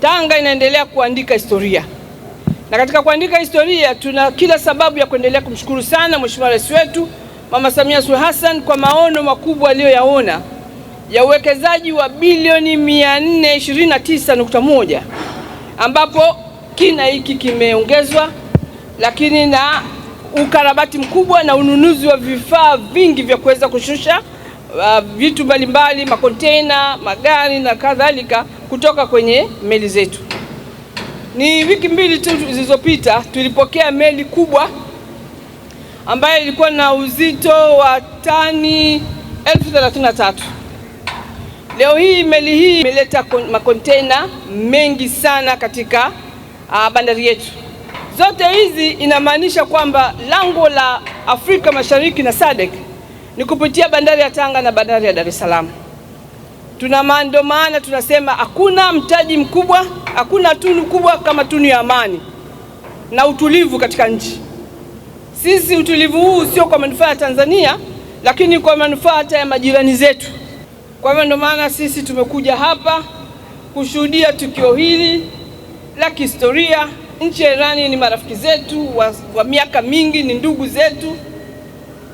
Tanga inaendelea kuandika historia, na katika kuandika historia tuna kila sababu ya kuendelea kumshukuru sana Mheshimiwa Rais wetu Mama Samia Suluhu Hassan kwa maono makubwa aliyoyaona ya uwekezaji wa bilioni 429.1 ambapo kina hiki kimeongezwa, lakini na ukarabati mkubwa na ununuzi wa vifaa vingi vya kuweza kushusha uh, vitu mbalimbali, makontena, magari na kadhalika kutoka kwenye meli zetu. Ni wiki mbili tu zilizopita tulipokea meli kubwa ambayo ilikuwa na uzito wa tani elfu thelathini na tatu. Leo hii meli hii imeleta makontena mengi sana katika uh, bandari yetu. Zote hizi inamaanisha kwamba lango la Afrika Mashariki na SADC ni kupitia bandari ya Tanga na bandari ya Dar es Salaam. Tuna ndio maana tunasema hakuna mtaji mkubwa, hakuna tunu kubwa kama tunu ya amani na utulivu katika nchi. Sisi utulivu huu sio kwa manufaa ya Tanzania, lakini kwa manufaa hata ya majirani zetu. Kwa hivyo ndio maana sisi tumekuja hapa kushuhudia tukio hili la kihistoria. Nchi ya Irani ni marafiki zetu wa, wa miaka mingi, ni ndugu zetu,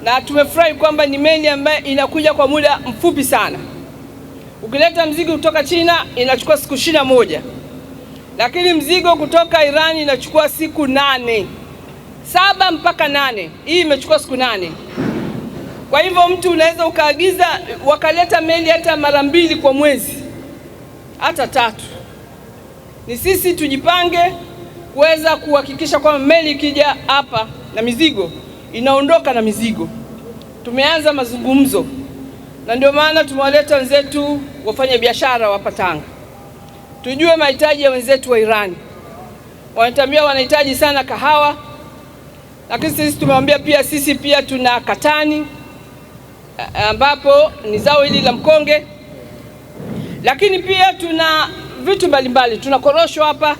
na tumefurahi kwamba ni meli ambayo inakuja kwa muda mfupi sana. Ukileta mzigo kutoka China inachukua siku ishirini na moja lakini mzigo kutoka Irani inachukua siku nane saba mpaka nane. Hii imechukua siku nane. Kwa hivyo mtu unaweza ukaagiza wakaleta meli hata mara mbili kwa mwezi hata tatu. Ni sisi tujipange kuweza kuhakikisha kwamba meli ikija hapa na mizigo inaondoka na mizigo. Tumeanza mazungumzo na ndio maana tumewaleta wenzetu wafanya biashara wa Patanga, tujue mahitaji ya wenzetu wa Irani. Wanatambia wanahitaji sana kahawa, lakini sisi tumewambia pia sisi pia tuna katani, eh, ambapo ni zao hili la mkonge, lakini pia tuna vitu mbalimbali, tuna korosho hapa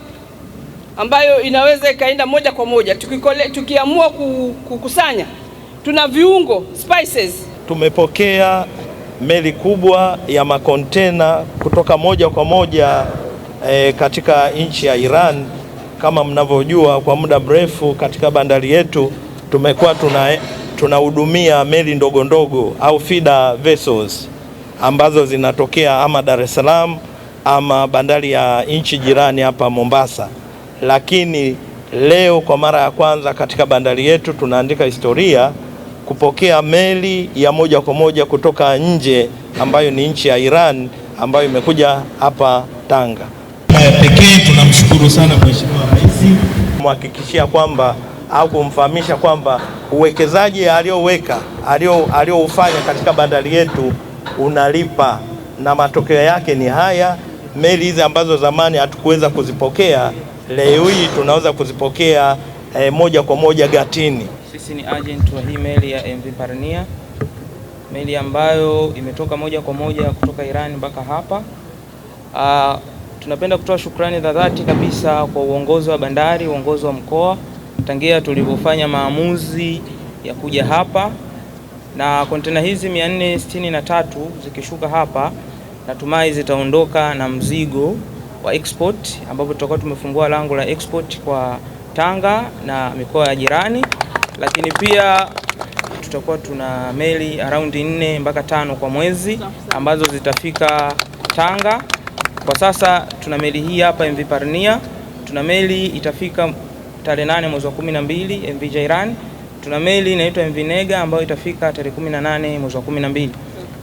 ambayo inaweza ikaenda moja kwa moja tukikole, tukiamua kukusanya, tuna viungo spices tumepokea meli kubwa ya makontena kutoka moja kwa moja e, katika nchi ya Iran. Kama mnavyojua, kwa muda mrefu katika bandari yetu tumekuwa tunahudumia meli ndogo ndogo au feeder vessels ambazo zinatokea ama Dar es Salaam ama bandari ya nchi jirani hapa Mombasa, lakini leo kwa mara ya kwanza katika bandari yetu tunaandika historia kupokea meli ya moja kwa moja kutoka nje ambayo ni nchi ya Iran ambayo imekuja hapa Tanga. Pekee tunamshukuru sana Mheshimiwa Rais kumhakikishia kwamba au kumfahamisha kwamba uwekezaji aliyoweka alioufanya katika bandari yetu unalipa, na matokeo yake ni haya meli hizi ambazo zamani hatukuweza kuzipokea leo hii tunaweza kuzipokea eh, moja kwa moja gatini. Sisi ni agent wa hii meli ya MV Parnia, meli ambayo imetoka moja kwa moja kutoka Iran mpaka hapa. Aa, ah, tunapenda kutoa shukrani za dhati kabisa kwa uongozi wa bandari, uongozi wa mkoa, tangia tulivyofanya maamuzi ya kuja hapa na kontena hizi 463 zikishuka hapa, natumai zitaondoka na mzigo wa export, ambapo tutakuwa tumefungua lango la export kwa Tanga na mikoa ya jirani lakini pia tutakuwa tuna meli around nne mpaka tano kwa mwezi ambazo zitafika Tanga. Kwa sasa tuna meli hii hapa MV Parnia, tuna meli itafika tarehe nane mwezi wa kumi na mbili MV Jairan, tuna meli inaitwa MV Nega ambayo itafika tarehe kumi na nane mwezi wa kumi na mbili.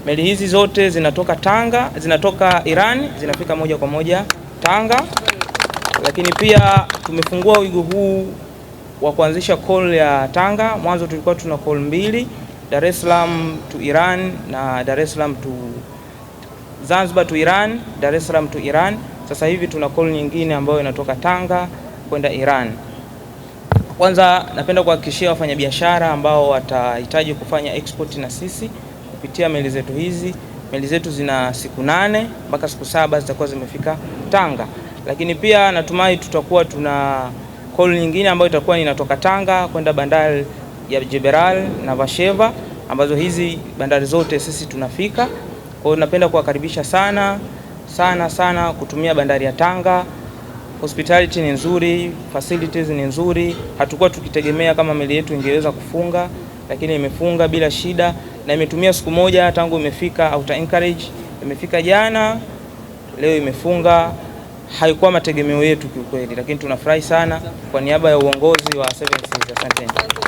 Meli hizi zote zinatoka Tanga, zinatoka Iran, zinafika moja kwa moja Tanga, lakini pia tumefungua wigo huu wa kuanzisha call ya Tanga. Mwanzo tulikuwa tuna call mbili, Dar es Salaam to Iran na Dar es Salaam to Zanzibar to Iran, Dar es Salaam to Iran. Sasa hivi tuna call nyingine ambayo inatoka Tanga kwenda Iran. Kwanza napenda kuhakikishia wafanyabiashara ambao watahitaji kufanya export na sisi kupitia meli zetu hizi. Meli zetu zina siku nane mpaka siku saba zitakuwa zimefika Tanga, lakini pia natumai tutakuwa tuna Call nyingine ambayo itakuwa inatoka Tanga kwenda bandari ya Jeberal na Vasheva, ambazo hizi bandari zote sisi tunafika. Kwa hiyo napenda kuwakaribisha sana sana sana kutumia bandari ya Tanga. Hospitality ni nzuri, facilities ni nzuri. Hatukuwa tukitegemea kama meli yetu ingeweza kufunga, lakini imefunga bila shida na imetumia siku moja tangu imefika, Outer Anchorage, imefika jana, leo imefunga haikuwa mategemeo yetu kiukweli, lakini tunafurahi sana kwa niaba ya uongozi wa Seven Seas. Asanteni.